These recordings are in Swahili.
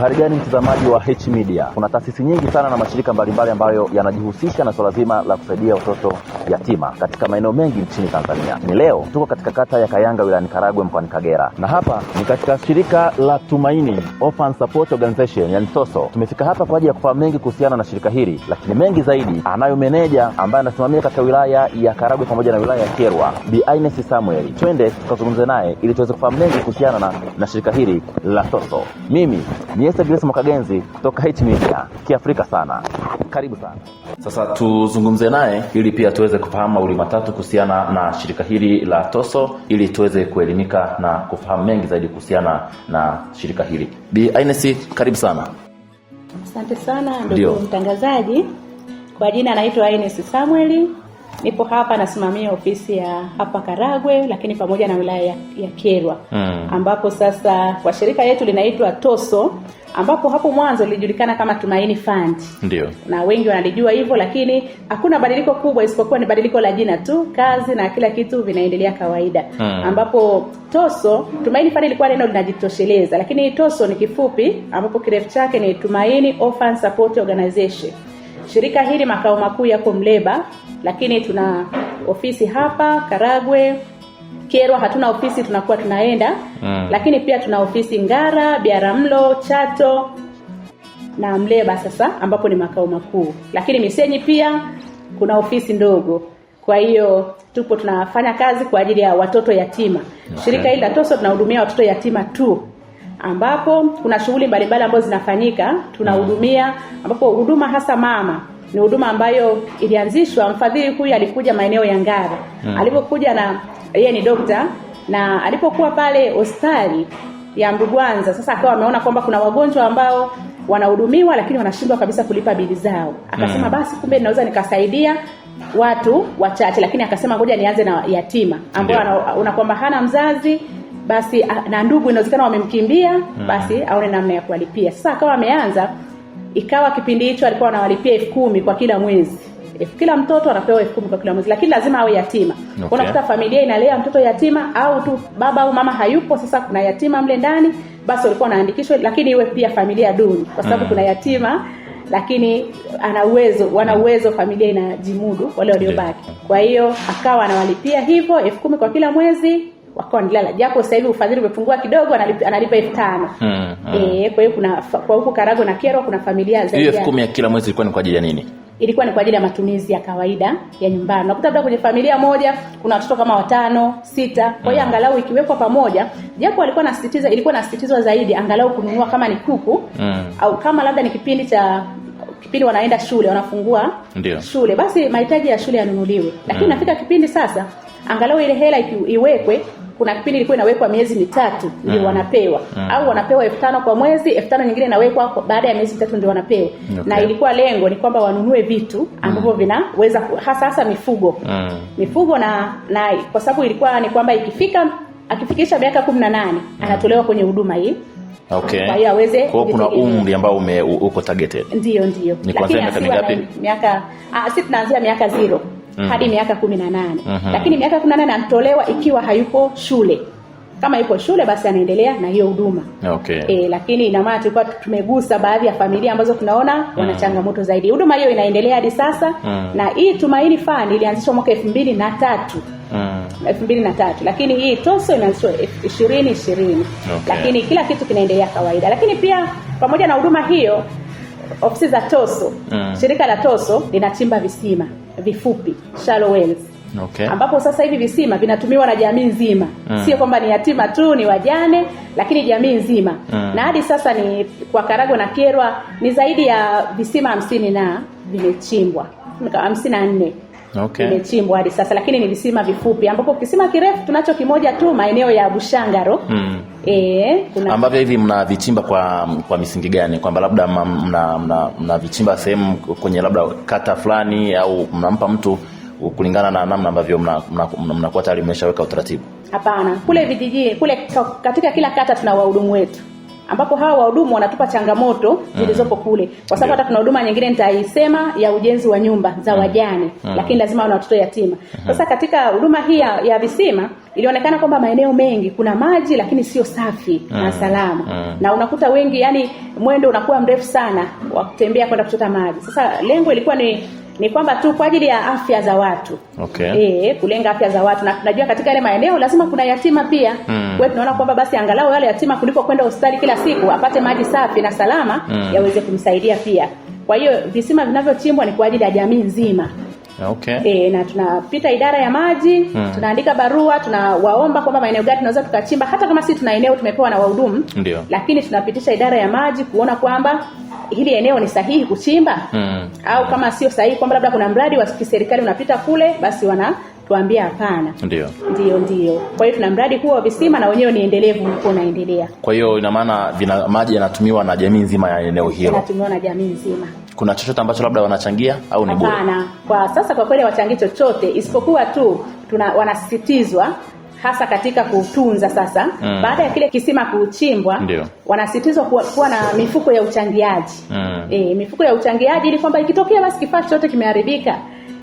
Hali gani mtazamaji wa H Media? Kuna taasisi nyingi sana na mashirika mbalimbali ambayo yanajihusisha na swala zima la kusaidia watoto yatima katika maeneo mengi nchini Tanzania. Ni leo tuko katika kata ya Kayanga wilayani Karagwe mkoani Kagera, na hapa ni katika shirika la Tumaini Orphan Support Organization, yani TOSO. Tumefika hapa kwa ajili ya kufahamu mengi kuhusiana na shirika hili, lakini mengi zaidi anayo meneja ambaye anasimamia katika wilaya ya Karagwe pamoja na wilaya ya Kyerwa, Bi Ines Samuel. Twende tukazungumze naye ili tuweze kufahamu mengi kuhusiana na, na shirika hili la TOSO. Mimi ni Iniesta Grace kutoka Hit Media, kiafrika sana, karibu sana. Sasa tuzungumze naye ili pia tuweze kufahamu mawili matatu kuhusiana na shirika hili la Toso ili tuweze kuelimika na kufahamu mengi zaidi kuhusiana na shirika hili. Bi Ines, karibu sana. Asante sana ndugu mtangazaji, kwa jina anaitwa Ines Samueli nipo hapa nasimamia ofisi ya hapa Karagwe, lakini pamoja na wilaya ya, ya Kyerwa mm. ambapo sasa kwa shirika yetu linaitwa Toso, ambapo hapo mwanzo lilijulikana kama Tumaini Fund. Ndio. na wengi wanalijua hivyo, lakini hakuna badiliko kubwa isipokuwa ni badiliko la jina tu, kazi na kila kitu vinaendelea kawaida Hmm. ambapo Toso, Tumaini Fund ilikuwa neno linajitosheleza, lakini Toso ni kifupi, ambapo kirefu chake ni Tumaini Orphan Support Organization. Shirika hili makao makuu yako Mleba, lakini tuna ofisi hapa Karagwe, kerwa hatuna ofisi, tunakuwa tunaenda mm. Lakini pia tuna ofisi Ngara, Biaramlo, Chato na Mleba sasa, ambapo ni makao makuu, lakini Misenyi pia kuna ofisi ndogo. Kwa hiyo tupo tunafanya kazi kwa ajili ya watoto yatima okay. Shirika hili la Toso tunahudumia watoto yatima tu ambapo kuna shughuli mbalimbali ambazo zinafanyika tunahudumia, ambapo huduma hasa mama ni huduma ambayo ilianzishwa. Mfadhili huyu alikuja maeneo ya Ngara hmm. alipokuja na yeye ni dokta, na alipokuwa pale hospitali ya Mbugwanza, sasa akawa ameona kwamba kuna wagonjwa ambao wanahudumiwa lakini wanashindwa kabisa kulipa bili zao, akasema hmm. basi kumbe ninaweza nikasaidia watu wachache, lakini akasema ngoja nianze na yatima ambao yeah. unakwamba hana mzazi basi na ndugu inawezekana wamemkimbia hmm. basi mm. aone namna ya kuwalipia. Sasa akawa ameanza, ikawa kipindi hicho alikuwa anawalipia elfu kumi kwa kila mwezi elfu, kila mtoto anapewa elfu kumi kwa kila mwezi, lakini lazima awe yatima. Okay. Unakuta familia inalea mtoto yatima au tu baba au mama hayupo, sasa kuna yatima mle ndani, basi walikuwa wanaandikishwa, lakini iwe pia familia duni, kwa sababu mm. kuna yatima lakini ana uwezo, wana uwezo, familia inajimudu wale waliobaki. Kwa hiyo akawa anawalipia hivyo elfu kumi kwa kila mwezi wakawa wanilala, japo sasa hivi ufadhili umepungua kidogo, analipa analipa elfu tano mm, mm. Eh, kwa hiyo kuna kwa huko Karagwe na Kyerwa kuna familia zaidi. Hiyo elfu kumi ya kila mwezi ilikuwa ni kwa ajili ya nini? Ilikuwa ni kwa ajili ya matumizi ya kawaida ya nyumbani. Unakuta labda kwenye familia moja kuna watoto kama watano sita, kwa hiyo mm. angalau ikiwekwa pamoja, japo walikuwa nasisitiza, ilikuwa nasisitizwa zaidi angalau kununua kama ni kuku mm. au kama labda ni kipindi cha kipindi wanaenda shule wanafungua Ndiyo. shule basi mahitaji ya shule yanunuliwe, lakini mm. nafika kipindi sasa angalau ile hela iwekwe kuna kipindi ilikuwa inawekwa miezi mitatu ndio mm. wanapewa mm. au wanapewa elfu tano kwa mwezi, elfu tano nyingine inawekwa baada ya miezi mitatu ndio wanapewa okay. Na ilikuwa lengo ni kwamba wanunue vitu ambavyo mm. vinaweza hasa hasa mifugo mm. mifugo na, na kwa sababu ilikuwa ni kwamba ikifika akifikisha miaka 18 mm. anatolewa kwenye huduma hii Okay. Kwa hiyo aweze kwa kuna umri ambao ume uko targeted. Ndio ndio. Ni kuanzia miaka mingapi? Miaka ah, si tunaanzia miaka zero mm. hadi miaka kumi na nane mm -hmm. Lakini miaka kumi na nane anatolewa ikiwa hayupo shule. Kama yupo shule, basi anaendelea na hiyo huduma okay. E, lakini ina maana tulikuwa tumegusa baadhi ya familia ambazo tunaona mm. wana mm-hmm. changamoto zaidi. Huduma hiyo inaendelea hadi sasa mm. na hii Tumaini fan ilianzishwa mwaka elfu mbili na tatu mm. elfu mbili na tatu lakini hii toso imeanzishwa ishirini ishirini okay. Lakini kila kitu kinaendelea kawaida, lakini pia pamoja na huduma hiyo ofisi za toso mm. shirika la toso linachimba visima vifupi shallow wells. Okay. Ambapo sasa hivi visima vinatumiwa na jamii nzima mm. Sio kwamba ni yatima tu, ni wajane, lakini jamii nzima mm. Na hadi sasa ni kwa Karagwe na Kyerwa ni zaidi ya visima hamsini na vimechimbwa hamsini na nne okay. Vimechimbwa hadi sasa, lakini ni visima vifupi, ambapo kisima kirefu tunacho kimoja tu maeneo ya Bushangaro mm. E, kuna... ambavyo hivi mnavichimba kwa kwa misingi gani? Kwamba labda mnavichimba mna, mna sehemu kwenye labda kata fulani au mnampa mtu kulingana na namna ambavyo mnakuwa mna, mna tayari mmeshaweka utaratibu? Hapana, kule vijijini kule katika kila kata tuna wahudumu wetu ambapo hawa wahudumu wanatupa changamoto mm. zilizopo kule, kwa sababu hata kuna huduma nyingine nitaisema ya ujenzi wa nyumba za mm. wajane, mm. lakini lazima wana watoto yatima. Mm-hmm. Sasa katika huduma hii ya visima ilionekana kwamba maeneo mengi kuna maji lakini sio safi na salama, na unakuta wengi, yani mwendo unakuwa mrefu sana wa kutembea kwenda kuchota maji. Sasa lengo ilikuwa ni ni kwamba tu kwa ajili ya afya za watu okay. E, kulenga afya za watu na tunajua katika yale maeneo lazima kuna yatima pia mm. tunaona kwamba basi angalau yale yatima kuliko kwenda hospitali kila siku apate maji safi na salama mm. yaweze kumsaidia pia. Kwa hiyo visima vinavyochimbwa ni kwa ajili ya jamii nzima. Okay. E, na tunapita idara ya maji hmm. Tunaandika barua, tunawaomba kwamba maeneo gani tunaweza tukachimba, hata kama sisi tuna eneo tumepewa na wahudumu, lakini tunapitisha idara ya maji kuona kwamba hili eneo ni sahihi kuchimba hmm. Au kama sio sahihi, kwamba labda kuna mradi wa kiserikali unapita kule, basi wana tuambia hapana. Ndio, ndio, ndio. Kwa hiyo tuna mradi huo wa visima na wenyewe ni endelevu, huko unaendelea. Kwa hiyo ina maana maji yanatumiwa na jamii nzima ya eneo hilo, yanatumiwa na jamii nzima kuna chochote ambacho labda wanachangia au ni bure? kwa sasa kwa kweli wachangi chochote isipokuwa tu tuna, wanasisitizwa hasa katika kutunza sasa mm. Baada ya kile kisima kuchimbwa, wanasisitizwa kuwa, kuwa na mifuko ya uchangiaji mm. E, mifuko ya uchangiaji ili kwamba ikitokea basi kifaa chote kimeharibika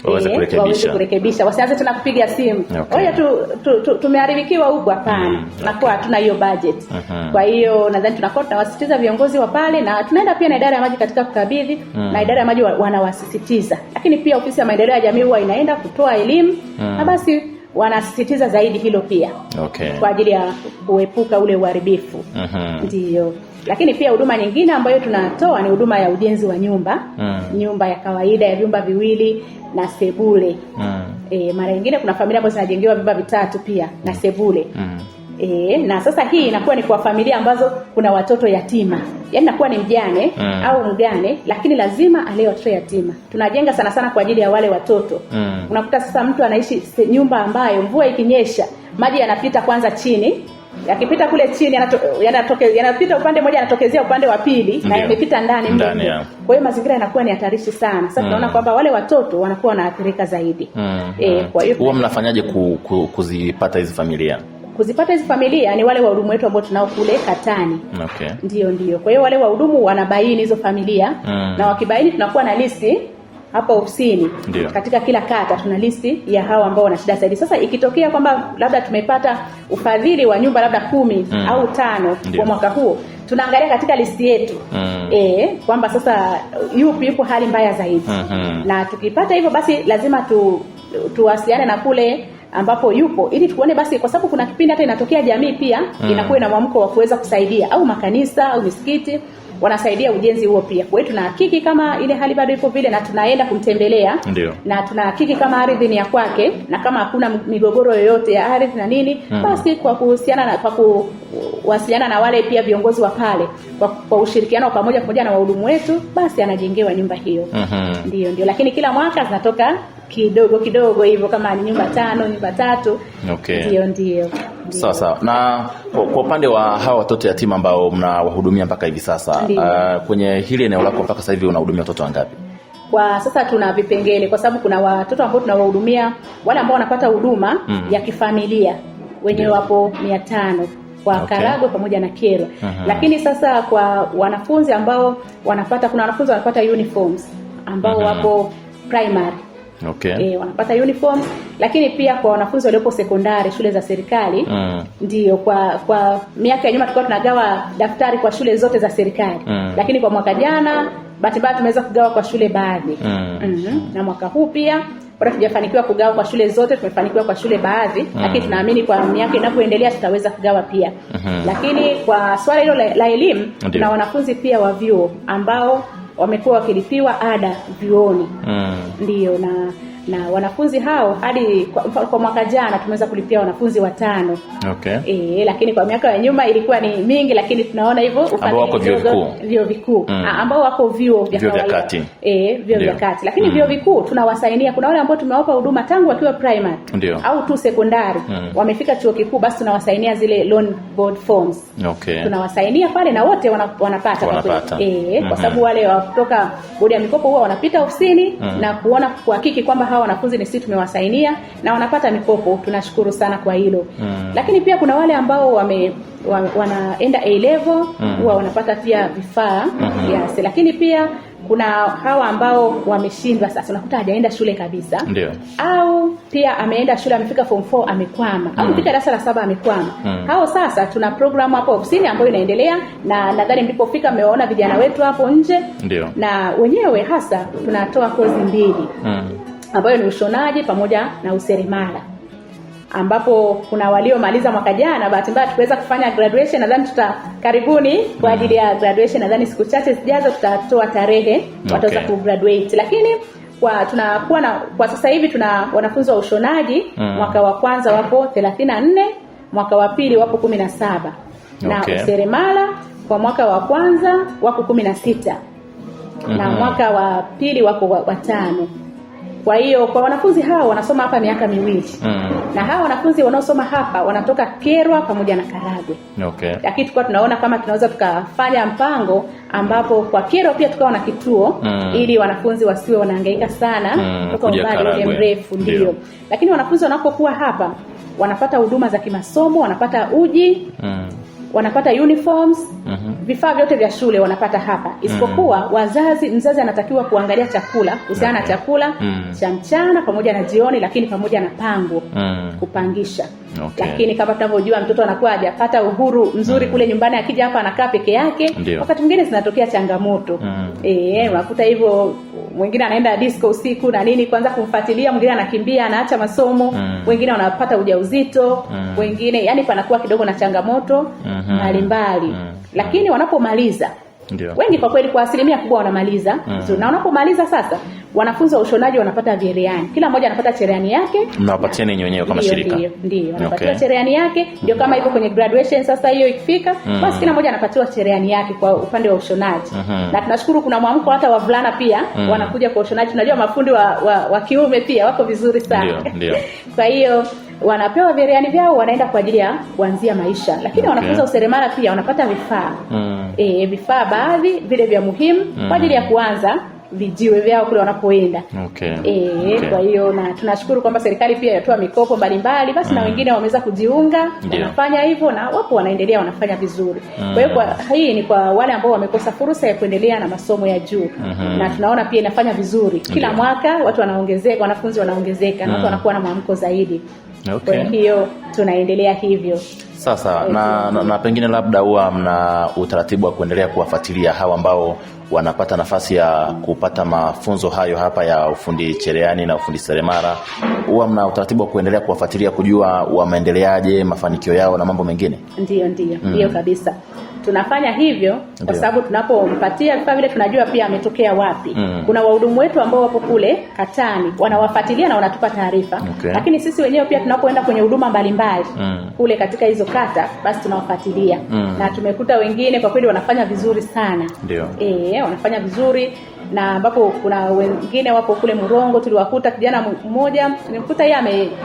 waweze kurekebisha, kurekebisha. Wasianze tena kupiga simu okay. tu, tu, tu, tumeharibikiwa huku, hapana mm, okay. Nakuwa hatuna hiyo budget mm-hmm. Kwa hiyo nadhani tunakuwa tunawasisitiza viongozi wa pale na tunaenda pia na idara ya maji katika kukabidhi mm. Na idara ya maji wanawasisitiza, lakini pia ofisi ya maendeleo ya jamii huwa inaenda kutoa elimu mm. Na basi wanasisitiza zaidi hilo pia okay. Kwa ajili ya kuepuka ule uharibifu uh mm-hmm. -huh. Ndio. Lakini pia huduma nyingine ambayo tunatoa ni huduma ya ujenzi wa nyumba mm. nyumba ya kawaida ya vyumba viwili na sebule mm. E, mara nyingine kuna familia ambazo zinajengewa vyumba vitatu pia na hmm. sebule mm. E, na sasa hii inakuwa ni kwa familia ambazo kuna watoto yatima, yaani nakuwa ni mjane mm. au mgane, lakini lazima alee watoto yatima. Tunajenga sana sana kwa ajili ya wale watoto mm. Unakuta sasa mtu anaishi nyumba ambayo mvua ikinyesha maji yanapita kwanza chini yakipita kule chini yanapita upande mmoja yanatokezea upande wa pili na yamepita ndani ndani. Kwa hiyo mazingira yanakuwa ni hatarishi sana. Sasa mm. tunaona mm. kwamba wale watoto wanakuwa wanaathirika zaidi mm. E, kwa hiyo huwa mnafanyaje ku, ku, kuzipata hizi familia? Kuzipata hizi familia ni wale wahudumu wetu ambao tunao kule Katani. Okay. Ndio, ndio. Kwa hiyo wale wahudumu wanabaini hizo familia mm. na wakibaini tunakuwa na listi hapa ofisini Katika kila kata tuna listi ya hawa ambao wana shida zaidi. Sasa ikitokea kwamba labda tumepata ufadhili wa nyumba labda kumi mm. au tano Ndiyo. kwa mwaka huo tunaangalia katika listi yetu mm. e, kwamba sasa yupi yupo hali mbaya zaidi mm -hmm. na tukipata hivyo basi lazima tu tuwasiliane na kule ambapo yupo ili tuone basi, kwa sababu kuna kipindi hata inatokea jamii pia mm. inakuwa na mwamko wa kuweza kusaidia, au makanisa au misikiti wanasaidia ujenzi huo pia. Kwa hiyo tunahakiki kama ile hali bado ipo vile, na tunaenda kumtembelea Ndiyo. na tunahakiki kama ardhi ni ya kwake, na kama hakuna migogoro yoyote ya ardhi na nini hmm. basi kwa kuhusiana na kwa kuwasiliana na wale pia viongozi wa pale kwa, kwa ushirikiano wa pamoja pamoja na wahudumu wetu, basi anajengewa nyumba hiyo mm -hmm. Ndiyo, ndio, lakini kila mwaka zinatoka kidogo kidogo hivyo, kama ni nyumba tano, nyumba tatu, okay. Ndio, ndio. Sawa sawa. Na kwa upande wa hawa watoto yatima ambao mnawahudumia mpaka hivi sasa, uh, kwenye hili eneo lako mpaka sasa hivi unahudumia watoto wangapi? Kwa sasa tuna vipengele, kwa sababu kuna watoto ambao tunawahudumia wale ambao wanapata huduma mm. ya kifamilia wenyewe wapo mia tano kwa okay. Karagwe pamoja na Kyerwa uh -huh. Lakini sasa kwa wanafunzi ambao wanapata, kuna wanafunzi wanapata uniforms ambao uh -huh. wapo primary okay. E, wanapata uniform, lakini pia kwa wanafunzi waliopo sekondari shule za serikali mm. Ndio kwa kwa miaka ya nyuma tulikuwa tunagawa daftari kwa shule zote za serikali mm. Lakini kwa mwaka jana bahati mbaya tumeweza kugawa kwa shule baadhi mm. Mm -hmm. Na mwaka huu pia bado tujafanikiwa kugawa kwa shule zote, tumefanikiwa kwa shule baadhi mm. Lakini tunaamini kwa miaka inapoendelea tutaweza kugawa pia mm -hmm. Lakini kwa swala hilo la elimu, na wanafunzi pia wa vyuo ambao wamekuwa wakilipiwa ada vioni mm. Ndiyo, na na wanafunzi hao hadi kwa, kwa mwaka jana tumeweza kulipia wanafunzi watano. Okay. E, lakini kwa miaka ya nyuma ilikuwa ni mingi, lakini tunaona hivyo ambao wako vyuo vikuu vyuo vikuu mm. ambao wako vyuo vya vyuo vya kati e, vyuo vya kati, lakini mm. vyuo vikuu tunawasainia. Kuna wale ambao tumewapa huduma tangu wakiwa primary Ndiyo. au tu sekondari mm. wamefika chuo kikuu, basi tunawasainia zile loan board forms. Okay. tunawasainia pale na wote wanapata wanapata e, mm -hmm. kwa mm-hmm. sababu wale kutoka bodi ya mikopo huwa wanapita ofisini mm na kuona kuhakiki kwamba hawa wanafunzi ni sisi tumewasainia na wanapata mikopo, tunashukuru sana kwa hilo mm. Lakini pia kuna wale ambao wame wa, wanaenda A level mm. huwa wanapata pia vifaa mm -hmm. yes. Lakini pia kuna hawa ambao wameshindwa sasa, unakuta hajaenda shule kabisa. Ndiyo. au pia ameenda shule amefika form 4 amekwama, mm. au amefika darasa la saba amekwama mm. hao sasa tuna programu hapo ofisini ambayo inaendelea, na nadhani mlipofika mmewaona vijana wetu hapo nje Ndiyo. na wenyewe hasa tunatoa kozi mbili mm ambayo ni ushonaji pamoja na useremala, ambapo kuna waliomaliza mwaka jana. Bahati mbaya tukuweza kufanya graduation, nadhani tuta karibuni kwa ajili ya graduation, nadhani siku chache zijazo tutatoa tarehe wataweza okay, kugraduate lakini kwa tunakuwa na kwa sasa hivi tuna wanafunzi wa ushonaji mm, mwaka wa kwanza wapo 34, mwaka wa pili wapo 17 na useremala kwa mwaka wa kwanza wako 16 mm -hmm, na mm-hmm. mwaka wa pili wako watano wa kwa hiyo kwa wanafunzi hao wanasoma hapa miaka miwili mm. na hawa wanafunzi wanaosoma hapa wanatoka kerwa pamoja na Karagwe. Okay. Lakini tulikuwa tunaona kama tunaweza tukafanya mpango ambapo kwa kerwa pia tukawa na kituo mm. ili wanafunzi wasiwe wanahangaika sana kutoka mm. umbali ule mrefu ndio. Lakini wanafunzi wanapokuwa hapa wanapata huduma za kimasomo, wanapata uji mm wanapata uniforms uh-huh. vifaa vyote vya shule wanapata hapa, mhm. isipokuwa uh-huh. wazazi, mzazi anatakiwa kuangalia chakula kuhusiana na okay. chakula uh-huh. cha mchana pamoja na jioni, lakini pamoja na pango uh-huh. kupangisha okay. Lakini kama tunavyojua mtoto anakuwa hajapata uhuru mzuri uh-huh. kule nyumbani, akija hapa anakaa peke yake, wakati mwingine zinatokea changamoto uh-huh. E, unakuta hivyo mwingine anaenda disco usiku na nini, kwanza kumfuatilia, mwingine anakimbia anaacha masomo mm. wengine wanapata ujauzito mm. wengine, yani panakuwa kidogo na changamoto mm-hmm. mbalimbali mm -hmm. mm. lakini wanapomaliza Ndiyo. wengi kwa kweli, kwa asilimia kubwa wanamaliza mm. na wanapomaliza sasa wanafunzi wa ushonaji wanapata cherehani, kila mmoja anapata cherehani yake. Mnawapatia ninyi wenyewe kama shirika? Ndio, wanapatiwa okay, cherehani yake ndio kama hivyo kwenye graduation. Sasa hiyo ikifika, mm, basi kila mmoja anapatiwa cherehani yake kwa upande wa ushonaji mm -hmm. Na tunashukuru kuna mwamko hata wavulana pia mm, wanakuja kwa ushonaji. Tunajua mafundi wa, wa, wa kiume pia wako vizuri sana, ndio kwa hiyo wanapewa cherehani vyao wanaenda kwa ajili ya kuanzia maisha, lakini okay. wanafunza useremala pia wanapata vifaa mm. E, vifaa baadhi vile vya muhimu mm. kwa mm-hmm. ajili ya kuanza vijiwe vyao kule wanapoenda. Okay. E, okay. Kwa hiyo na tunashukuru kwamba serikali pia yatoa mikopo mbalimbali basi, mm. na wengine wameweza kujiunga yeah. wanafanya hivyo na wapo wanaendelea wanafanya vizuri mm. kwa hiyo kwa mm. hii ni kwa wale ambao wamekosa fursa ya kuendelea na masomo ya juu mm -hmm. na tunaona pia inafanya vizuri kila yeah. mwaka watu wanaongezeka, wanafunzi wanaongezeka mm. na watu mm. wanakuwa na mwamko zaidi. Okay. Kwa hiyo tunaendelea hivyo. Sasa na, na, na pengine labda huwa mna utaratibu wa kuendelea kuwafuatilia hawa ambao wanapata nafasi ya kupata mafunzo hayo hapa ya ufundi chereani na ufundi seremara huwa mna utaratibu wa kuendelea kuwafuatilia kujua wameendeleaje, mafanikio yao na mambo mengine? ndio ndio hiyo mm. kabisa tunafanya hivyo kwa sababu tunapompatia vifaa vile tunajua pia ametokea wapi. mm. Kuna wahudumu wetu ambao wapo kule katani wanawafuatilia na wanatupa taarifa okay. Lakini sisi wenyewe pia tunapoenda kwenye huduma mbalimbali mm. kule katika hizo kata, basi tunawafuatilia mm. na tumekuta wengine kwa kweli wanafanya vizuri sana. E, wanafanya vizuri na ambapo kuna wengine wapo kule Murongo. tuliwakuta kijana mmoja nimkuta yeye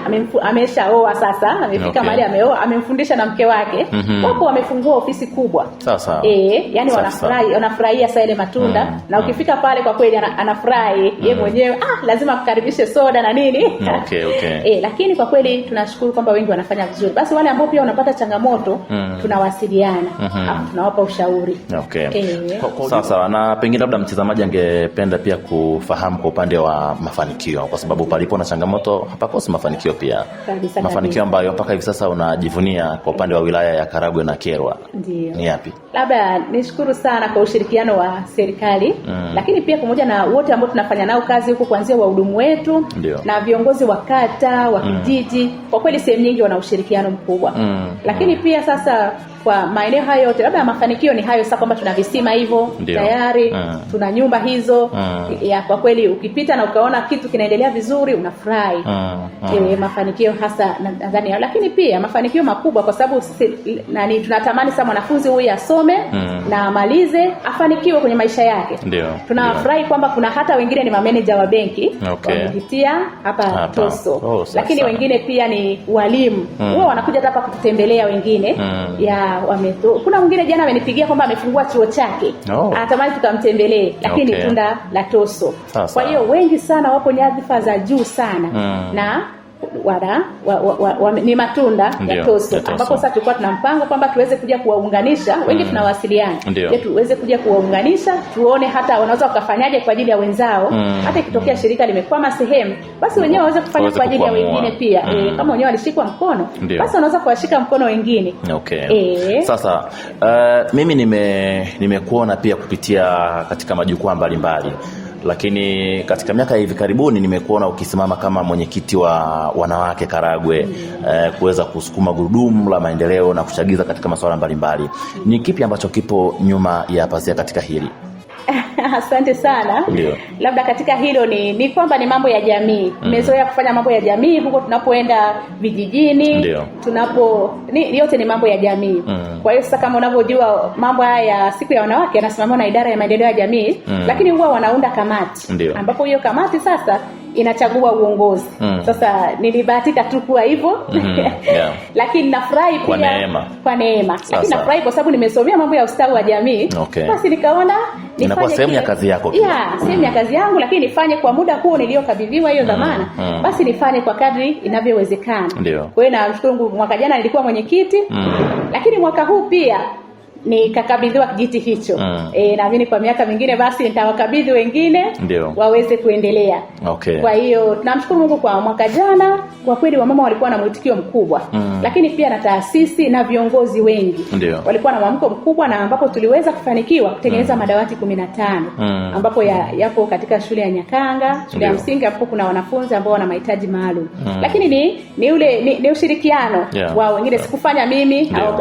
ame, ameshaoa sasa, amefika okay. mahali ameoa, amemfundisha na mke wake mm -hmm. wapo wamefungua ofisi kubwa sasa, eh, yani wanafurahi, wanafurahia sasa ile matunda mm -hmm. na ukifika pale kwa kweli anafurahi mm -hmm. yeye mwenyewe ah, lazima kukaribishe soda na nini mm, okay, okay. eh, lakini kwa kweli tunashukuru kwamba wengi wanafanya vizuri. Basi wale ambao pia wanapata changamoto mm -hmm. tunawasiliana mm -hmm. tunawapa ushauri okay. eh, kwa, kwa, sasa na pengine labda mtazamaji ange ningependa pia kufahamu kwa upande wa mafanikio, kwa sababu palipo na changamoto hapakosi mafanikio pia. Kabisa, mafanikio ambayo mpaka hivi sasa unajivunia kwa upande wa wilaya ya Karagwe na kerwa ndiyo, ni yapi? Labda nishukuru sana kwa ushirikiano wa serikali mm, lakini pia pamoja na wote ambao tunafanya nao kazi huko kuanzia wahudumu wetu ndiyo, na viongozi wa kata wa kijiji mm, kwa kweli sehemu nyingi wana ushirikiano mkubwa mm, lakini mm, pia sasa kwa maeneo hayo yote, labda mafanikio ni hayo sasa, kwamba tuna visima hivyo tayari, ah. tuna nyumba hizo ah. ya, kwa kweli ukipita na ukaona kitu kinaendelea vizuri unafurahi. E, mafanikio hasa nadhani, lakini pia mafanikio makubwa, kwa sababu nani tunatamani sana mwanafunzi huyu asome hmm. na amalize afanikiwe kwenye maisha yake. Tunafurahi kwamba kuna hata wengine ni mameneja wa benki okay, wamejitia hapa TOSO oh, lakini wengine pia ni walimu hmm. huwa wanakuja hata hapa kututembelea wengine hmm. ya wameto. Kuna mwingine jana amenipigia kwamba amefungua chuo chake no. Anatamani tukamtembelee, lakini ni okay. Tunda la toso. Kwa hiyo wengi sana wapo nyadhifa za juu sana mm. na wana wa, wa, wa, wa, ni matunda ya toso ambapo sasa tulikuwa tuna mpango kwamba tuweze kuja kuwaunganisha wengi, mm. tunawasiliana je, tuweze kuja kuwaunganisha tuone hata wanaweza wakafanyaje kwa ajili ya wenzao mm. hata ikitokea shirika limekwama sehemu, basi mm. wenyewe waweze kufanya kwa ajili ya wengine pia mm. E, kama wenyewe walishikwa mkono Ndiyo. basi wanaweza kuwashika mkono wengine. Okay. E. Sasa uh, mimi nime nimekuona pia kupitia katika majukwaa mbalimbali lakini katika miaka ya hivi karibuni nimekuona ukisimama kama mwenyekiti wa wanawake Karagwe eh, kuweza kusukuma gurudumu la maendeleo na kuchagiza katika masuala mbalimbali. Ni kipi ambacho kipo nyuma ya pazia katika hili? Asante sana. Ndiyo. Labda katika hilo ni ni kwamba ni mambo ya jamii tumezoea mm. kufanya mambo ya jamii huko tunapoenda vijijini Ndiyo. tunapo ni, yote ni mambo ya jamii mm. kwa hiyo sasa, kama unavyojua mambo haya ya siku ya wanawake yanasimamiwa na idara ya maendeleo ya jamii mm. lakini huwa wanaunda kamati Ndiyo. ambapo hiyo kamati sasa inachagua uongozi mm. Sasa nilibahatika tu kuwa hivyo mm, yeah. Lakini nafurahi pia kwa neema, kwa neema. Lakini nafurahi kwa sababu nimesomea mambo ya ustawi wa jamii okay. Basi nikaona inakuwa sehemu ya kazi yako pia yeah, sehemu ya mm. kazi yangu, lakini nifanye kwa muda huo niliyokabidhiwa hiyo mm-hmm. dhamana mm. mm. basi nifanye kwa kadri inavyowezekana. Kwa hiyo namshukuru mwaka jana nilikuwa mwenyekiti mm. lakini mwaka huu pia nikakabidhiwa kijiti hicho mm. E, naamini kwa miaka mingine basi nitawakabidhi wengine Ndiyo. waweze kuendelea okay. Kwa hiyo tunamshukuru Mungu kwa mwaka jana, kwa kweli wamama walikuwa na mwitikio mkubwa mm. Lakini pia na taasisi na viongozi wengi Ndiyo. walikuwa na mwamko mkubwa, na ambapo tuliweza kufanikiwa kutengeneza mm. madawati kumi na tano mm. ambapo ya, yapo katika shule ya Nyakanga, shule ya msingi ambapo kuna wanafunzi ambao wana mahitaji maalum mm. Lakini ni ni ule ni, ni ushirikiano yeah. wa wengine, sikufanya mimi au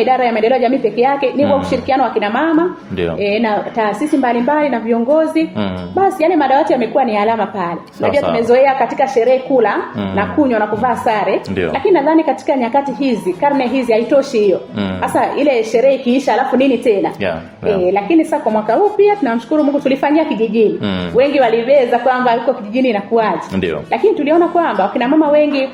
idara ya maendeleo ya jamii peke yake wake ni kwa mm. ushirikiano wa kina mama e, na taasisi mbalimbali na viongozi mm. Basi yani madawati yamekuwa ni alama pale. Unajua tumezoea katika sherehe kula mm. na kunywa na kuvaa sare, lakini nadhani katika nyakati hizi, karne hizi haitoshi hiyo sasa mm. ile sherehe ikiisha, alafu nini tena? yeah, yeah. E, lakini sasa kwa mwaka huu pia tunamshukuru Mungu tulifanyia kijijini mm. wengi walibeza kwamba yuko kijijini inakuaje, lakini tuliona kwamba wakina mama wengi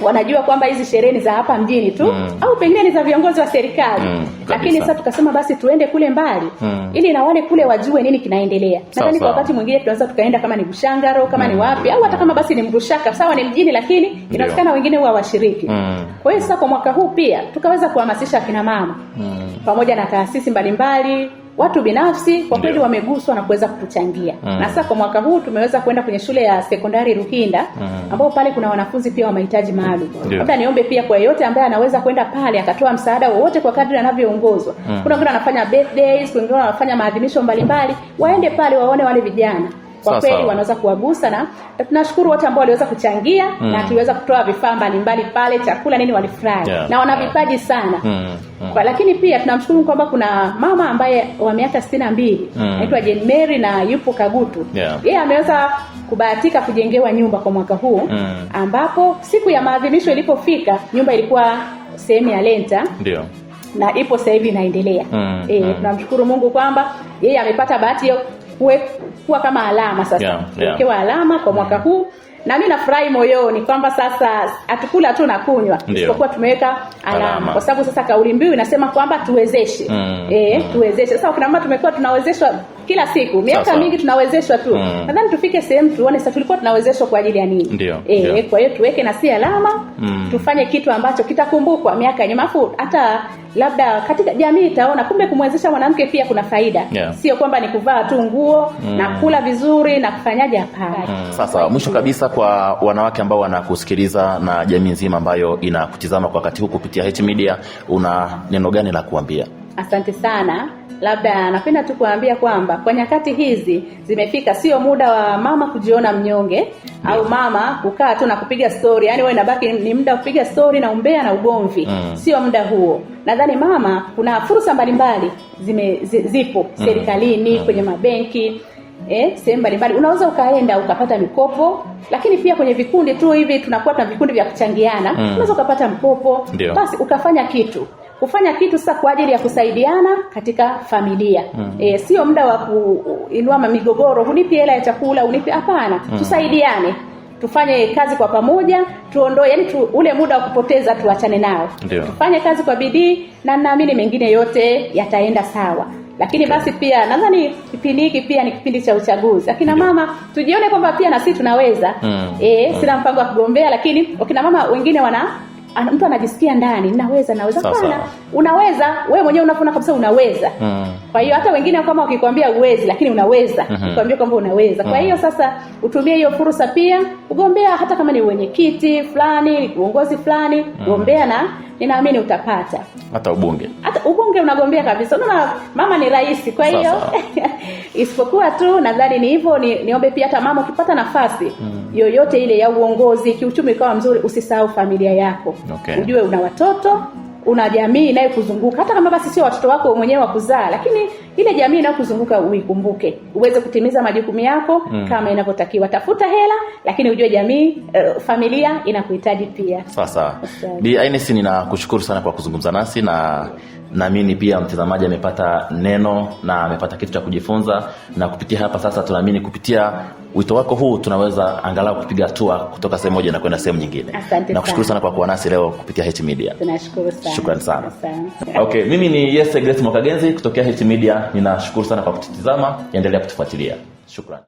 wanajua kwamba hizi sherehe ni za hapa mjini tu mm. au pengine ni za viongozi wa serikali mm, lakini sasa tukasema basi tuende kule mbali mm. ili na wale kule wajue nini kinaendelea. Nadhani kwa wakati mwingine tunaweza tukaenda kama ni mshangaro kama mm. ni wapi au hata kama basi ni Mrushaka, sawa ni mjini, lakini inawezekana wengine huwa washiriki mm. kwa hiyo sasa kwa mwaka huu pia tukaweza kuhamasisha akinamama mama mm. pamoja na taasisi mbalimbali watu binafsi kwa kweli wameguswa na kuweza kutuchangia mm. na sasa kwa mwaka huu tumeweza kwenda kwenye shule ya sekondari Ruhinda mm. ambao pale kuna wanafunzi pia wa mahitaji maalum. Labda niombe pia kwa yeyote ambaye anaweza kwenda pale akatoa msaada wowote kwa kadri anavyoongozwa mm. kuna wengine wanafanya birthdays, kuna wengine wanafanya maadhimisho mbalimbali, waende pale waone wale vijana kwa kweli wanaweza kuwagusa, na tunashukuru wote ambao waliweza kuchangia mm. na tuliweza kutoa vifaa mbalimbali pale, chakula nini, walifurahi yeah. na wana vipaji sana mm. Mm. Kwa, lakini pia tunamshukuru kwamba kuna mama ambaye wa miaka sitini na mbili mm. anaitwa mm. Mary na yupo Kagutu yeye yeah. ameweza kubahatika kujengewa nyumba kwa mwaka huu mm. ambapo siku ya maadhimisho ilipofika nyumba ilikuwa sehemu ya lenta ndio na ipo sasa hivi inaendelea. mm, e, mm. Tunamshukuru Mungu kwamba yeye amepata bahati kuwa kama alama sasa yeah, yeah. Kuwekewa alama kwa mwaka huu na mimi nafurahi moyoni kwamba sasa hatukula tu na kunywa, isipokuwa tumeweka alama, kwa sababu sasa kauli mbiu inasema kwamba tuwezeshe mm, e, mm. Tuwezeshe sasa, wakina tumekuwa tunawezeshwa kila siku miaka mingi tunawezeshwa tu mm. nadhani tufike sehemu tuone sasa tulikuwa tunawezeshwa kwa ajili ya nini ndio e, kwa hiyo tuweke na si alama mm. tufanye kitu ambacho kitakumbukwa miaka ya nyuma afu hata labda katika jamii itaona kumbe kumwezesha mwanamke pia kuna faida yeah. sio kwamba ni kuvaa tu nguo mm. na hmm. kula vizuri na kufanyaje hapana mm. sasa mwisho kabisa kwa wanawake ambao wanakusikiliza na jamii nzima ambayo inakutizama kwa wakati huu kupitia media una neno gani la kuambia Asante sana. Labda napenda tu kuambia kwamba kwa nyakati hizi zimefika, sio muda wa mama kujiona mnyonge au mama kukaa tu na kupiga stori, yaani wewe inabaki ni muda wa kupiga stori na umbea na ugomvi mm. Sio muda huo. Nadhani mama, kuna fursa mbalimbali zime, zipo mm. serikalini mm. kwenye mabenki eh, sehemu mbalimbali unaweza ukaenda ukapata mikopo, lakini pia kwenye vikundi tu hivi tunakuwa tuna vikundi vya kuchangiana mm. unaweza ukapata mkopo, basi ukafanya kitu kufanya kitu sasa kwa ajili ya kusaidiana katika familia mm. E, sio muda wa kuinua migogoro, unipi hela ya chakula, unipi. Hapana mm. Tusaidiane, tufanye kazi kwa pamoja, tuondoe yani tu, ule muda wa kupoteza tuachane nao. Tufanye kazi kwa bidii, na naamini mengine yote yataenda sawa lakini okay. Basi pia nadhani kipindi hiki pia ni kipindi cha uchaguzi. Akina mama tujione kwamba pia na sisi tunaweza mm. E, Sina mpango wa kugombea, lakini akina mama wengine wana ana, mtu anajisikia ndani naweza naweza kana unaweza wewe mwenyewe unafuna kabisa unaweza mm. kwa hiyo hata wengine kama wakikwambia uwezi lakini unaweza mm-hmm. kwambia kwamba unaweza mm. kwa hiyo sasa utumie hiyo fursa pia ugombea hata kama ni wenyekiti fulani uongozi fulani mm. gombea na ninaamini utapata hata ubunge, hata ubunge unagombea kabisa. Unaona mama ni rais, kwa hiyo isipokuwa tu nadhani ni hivyo. Ni, niombe pia hata mama ukipata nafasi mm. yoyote ile ya uongozi kiuchumi kawa mzuri, usisahau familia yako okay. Ujue una watoto una jamii inayokuzunguka hata kama basi sio watoto wako mwenyewe wa kuzaa, lakini ile jamii inayokuzunguka uikumbuke, uweze kutimiza majukumu yako mm. kama inavyotakiwa. Tafuta hela, lakini ujue jamii, uh, familia inakuhitaji pia. Sawa sawa, Bi Ines, ninakushukuru sana kwa kuzungumza nasi na naamini pia mtazamaji amepata neno na amepata kitu cha kujifunza, na kupitia hapa sasa, tunaamini kupitia wito wako huu tunaweza angalau kupiga hatua kutoka sehemu moja na kwenda sehemu nyingine. na kushukuru sana kwa kuwa nasi leo kupitia H Media. Tunashukuru sana. Shukrani sana. Okay, mimi ni Yes Grace Mwakagenzi kutokea H Media ninashukuru sana kwa kututizama, endelea kutufuatilia. Shukrani.